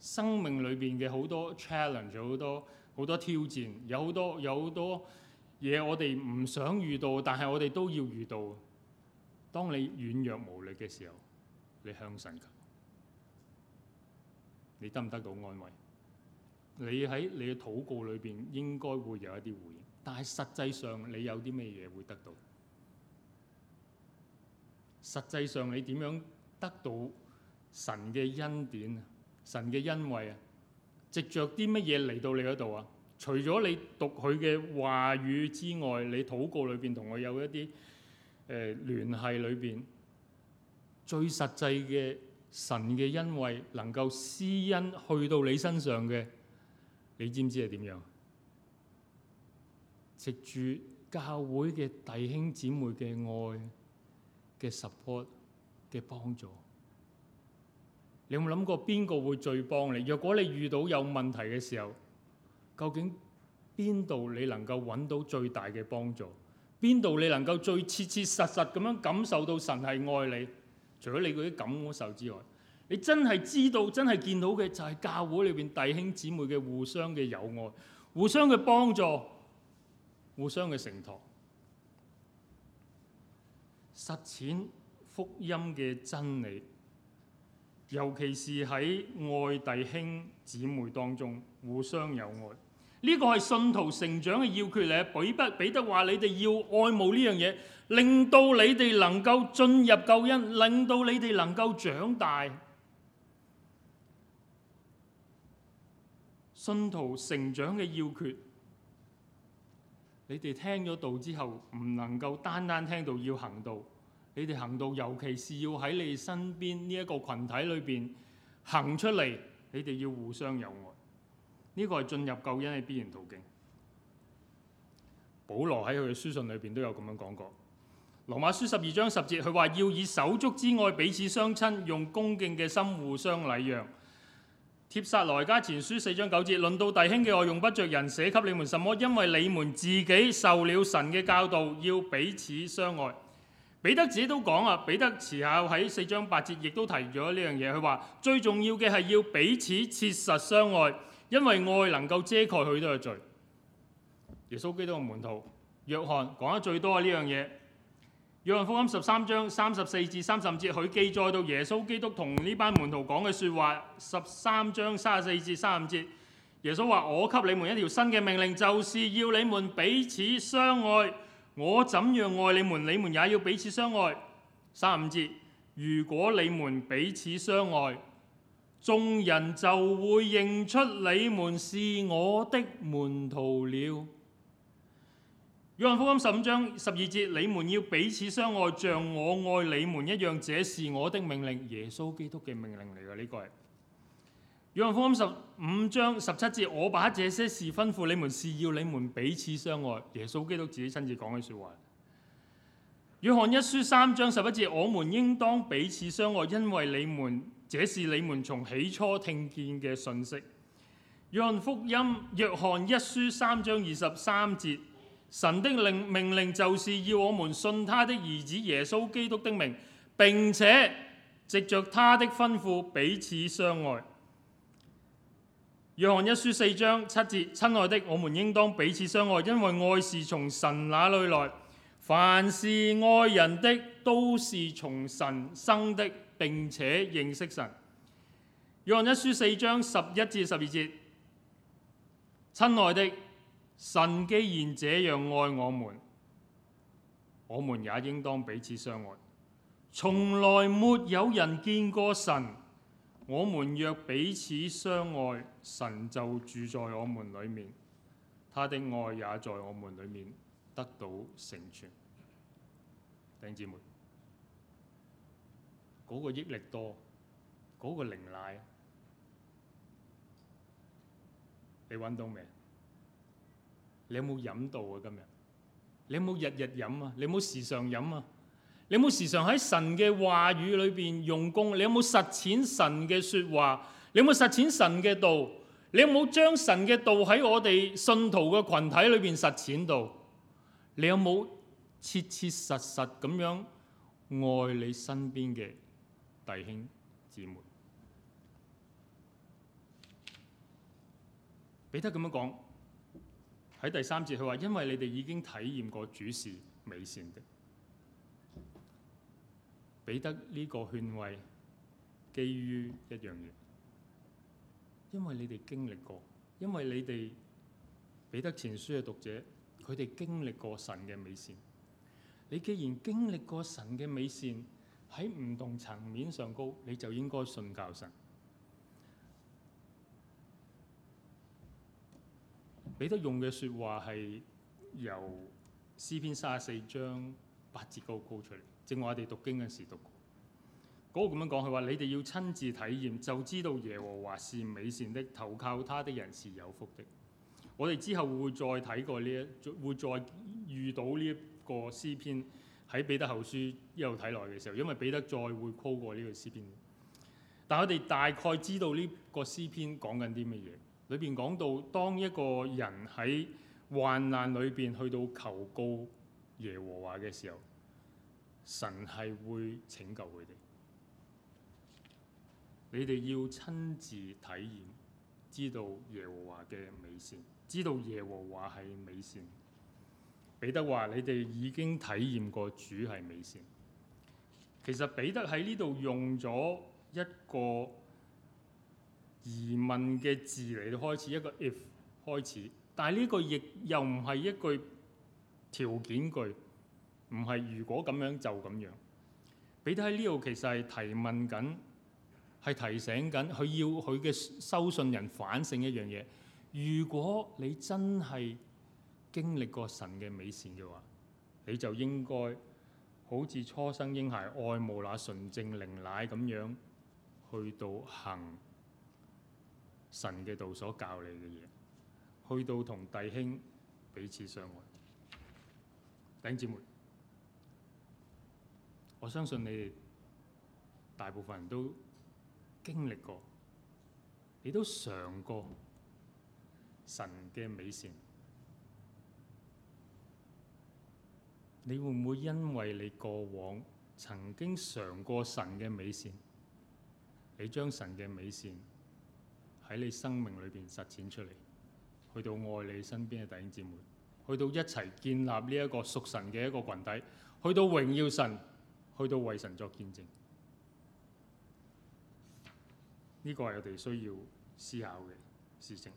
生命裏邊嘅好多 challenge，好多好多挑戰，有好多有好多嘢我哋唔想遇到，但係我哋都要遇到。當你軟弱無力嘅時候，你相信佢。你得唔得到安慰？你喺你嘅禱告裏邊應該會有一啲回應，但係實際上你有啲咩嘢會得到？實際上你點樣得到神嘅恩典啊？神嘅恩惠啊？藉著啲乜嘢嚟到你嗰度啊？除咗你讀佢嘅話語之外，你禱告裏邊同我有一啲誒聯繫裏邊，最實際嘅。神嘅恩惠能夠施恩去到你身上嘅，你知唔知係點樣？藉住教會嘅弟兄姊妹嘅愛嘅 support 嘅幫助，你有冇諗過邊個會最幫你？若果你遇到有問題嘅時候，究竟邊度你能夠揾到最大嘅幫助？邊度你能夠最切切實實咁樣感受到神係愛你？除咗你嗰啲感受之外，你真係知道、真係見到嘅就係教會裏邊弟兄姊妹嘅互相嘅友愛，互相嘅幫助，互相嘅承托，實踐福音嘅真理，尤其是喺愛弟兄姊妹當中互相友愛。呢個係信徒成長嘅要訣嚟，彼得彼得話：你哋要愛慕呢樣嘢，令到你哋能夠進入救恩，令到你哋能夠長大。信徒成長嘅要訣，你哋聽咗道之後，唔能夠單單聽到，要行道，你哋行道，尤其是要喺你身邊呢一個羣體裏邊行出嚟，你哋要互相友愛。呢個係進入救恩嘅必然途徑。保羅喺佢嘅書信裏邊都有咁樣講過，《羅馬書》十二章十節，佢話要以手足之愛彼此相親，用恭敬嘅心互相禮讓。《帖撒羅尼迦前書》四章九節，論到弟兄嘅愛，用不着人寫給你們什麼，因為你們自己受了神嘅教導，要彼此相愛。彼得自己都講啊，彼得遲下喺四章八節亦都提咗呢樣嘢，佢話最重要嘅係要彼此切實相愛。因為愛能夠遮蓋許多罪。耶穌基督嘅門徒約翰講得最多啊呢樣嘢。約翰福音十三章三十四至三十五節，佢記載到耶穌基督同呢班門徒講嘅説話。十三章三十四至三十五節，耶穌話：我給你們一條新嘅命令，就是要你們彼此相愛。我怎樣愛你們，你們也要彼此相愛。三十五節，如果你們彼此相愛。眾人就會認出你們是我的門徒了。約翰福音十五章十二節，你們要彼此相愛，像我愛你們一樣，這是我的命令。耶穌基督嘅命令嚟嘅。呢個係約翰福音十五章十七節，我把這些事吩咐你們，是要你們彼此相愛。耶穌基督自己親自講嘅説話。約翰一書三章十一節，我們應當彼此相愛，因為你們。這是你們從起初聽見嘅信息。約翰福音《約翰一書》三章二十三節，神的令命令就是要我們信他的兒子耶穌基督的名，並且藉着他的吩咐彼此相愛。《約翰一書》四章七節，親愛的，我們應當彼此相愛，因為愛是從神那裡來。凡是愛人的，都是從神生的，並且認識神。約翰一書四章十一至十二節，親愛的，神既然這樣愛我們，我們也應當彼此相愛。從來沒有人見過神，我們若彼此相愛，神就住在我們裡面，他的愛也在我們裡面，得到成全，弟兄姊妹，嗰、那個益力多，嗰、那個靈奶，你揾到未？你有冇飲到啊？今日你有冇日日飲啊？你有冇時常飲啊？你有冇時常喺神嘅話語裏邊用功？你有冇實踐神嘅説話？你有冇實踐神嘅道？你有冇將神嘅道喺我哋信徒嘅群體裏邊實踐到？你有冇切切實實咁樣愛你身邊嘅弟兄姊妹？彼得咁樣講喺第三節，佢話：因為你哋已經體驗過主是美善嘅。彼得呢個勸慰基於一樣嘢，因為你哋經歷過，因為你哋彼得前書嘅讀者。佢哋經歷過神嘅美善，你既然經歷過神嘅美善，喺唔同層面上高，你就應該信教神。彼得用嘅説話係由詩篇三十四章八節高高出嚟，正話我哋讀經嗰時讀過。嗰個咁樣講，佢話你哋要親自體驗，就知道耶和華是美善的，投靠他的人是有福的。我哋之後會再睇過呢一，會再遇到呢一個詩篇喺彼得後書一路睇落去嘅時候，因為彼得再會 po 過呢個詩篇。但我哋大概知道呢個詩篇講緊啲乜嘢，裏邊講到當一個人喺患難裏邊去到求告耶和華嘅時候，神係會拯救佢哋。你哋要親自體驗，知道耶和華嘅美善。知道耶和華係美善，彼得話：你哋已經體驗過主係美善。其實彼得喺呢度用咗一個疑問嘅字嚟開始，一個 if 開始。但係呢個亦又唔係一句條件句，唔係如果咁樣就咁樣。彼得喺呢度其實係提問緊，係提醒緊，佢要佢嘅收信人反省一樣嘢。如果你真係經歷過神嘅美善嘅話，你就應該好似初生嬰孩愛慕那純正靈奶咁樣，去到行神嘅道所教你嘅嘢，去到同弟兄彼此相愛。弟兄姊妹，我相信你哋大部分人都經歷過，你都嘗過。神嘅美善，你會唔會因為你過往曾經嘗過神嘅美善，你將神嘅美善喺你生命裏邊實踐出嚟，去到愛你身邊嘅弟兄姊妹，去到一齊建立呢一個屬神嘅一個群體，去到榮耀神，去到為神作見證，呢個係我哋需要思考嘅事情。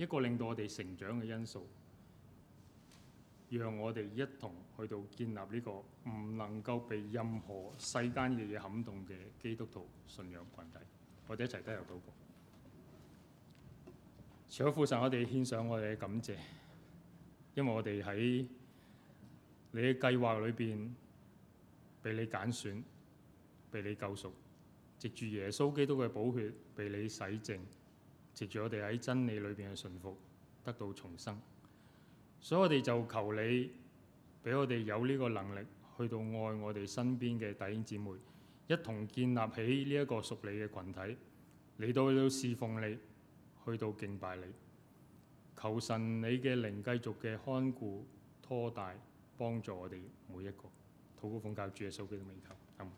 一個令到我哋成長嘅因素，讓我哋一同去到建立呢個唔能夠被任何世間嘅嘢撼動嘅基督徒信仰群體，我哋一齊得救到。除咗父神，我哋獻上我哋嘅感謝，因為我哋喺你嘅計劃裏邊被你揀選，被你救贖，藉住耶穌基督嘅寶血被你洗淨。藉住我哋喺真理裏邊嘅順服，得到重生。所以，我哋就求你俾我哋有呢個能力，去到愛我哋身邊嘅弟兄姊妹，一同建立起呢一個屬你嘅群體，嚟到侍奉你，去到敬拜你。求神你嘅靈繼續嘅看顧、拖帶、幫助我哋每一個。土瓜灣教主嘅手機嘅名頭，嗯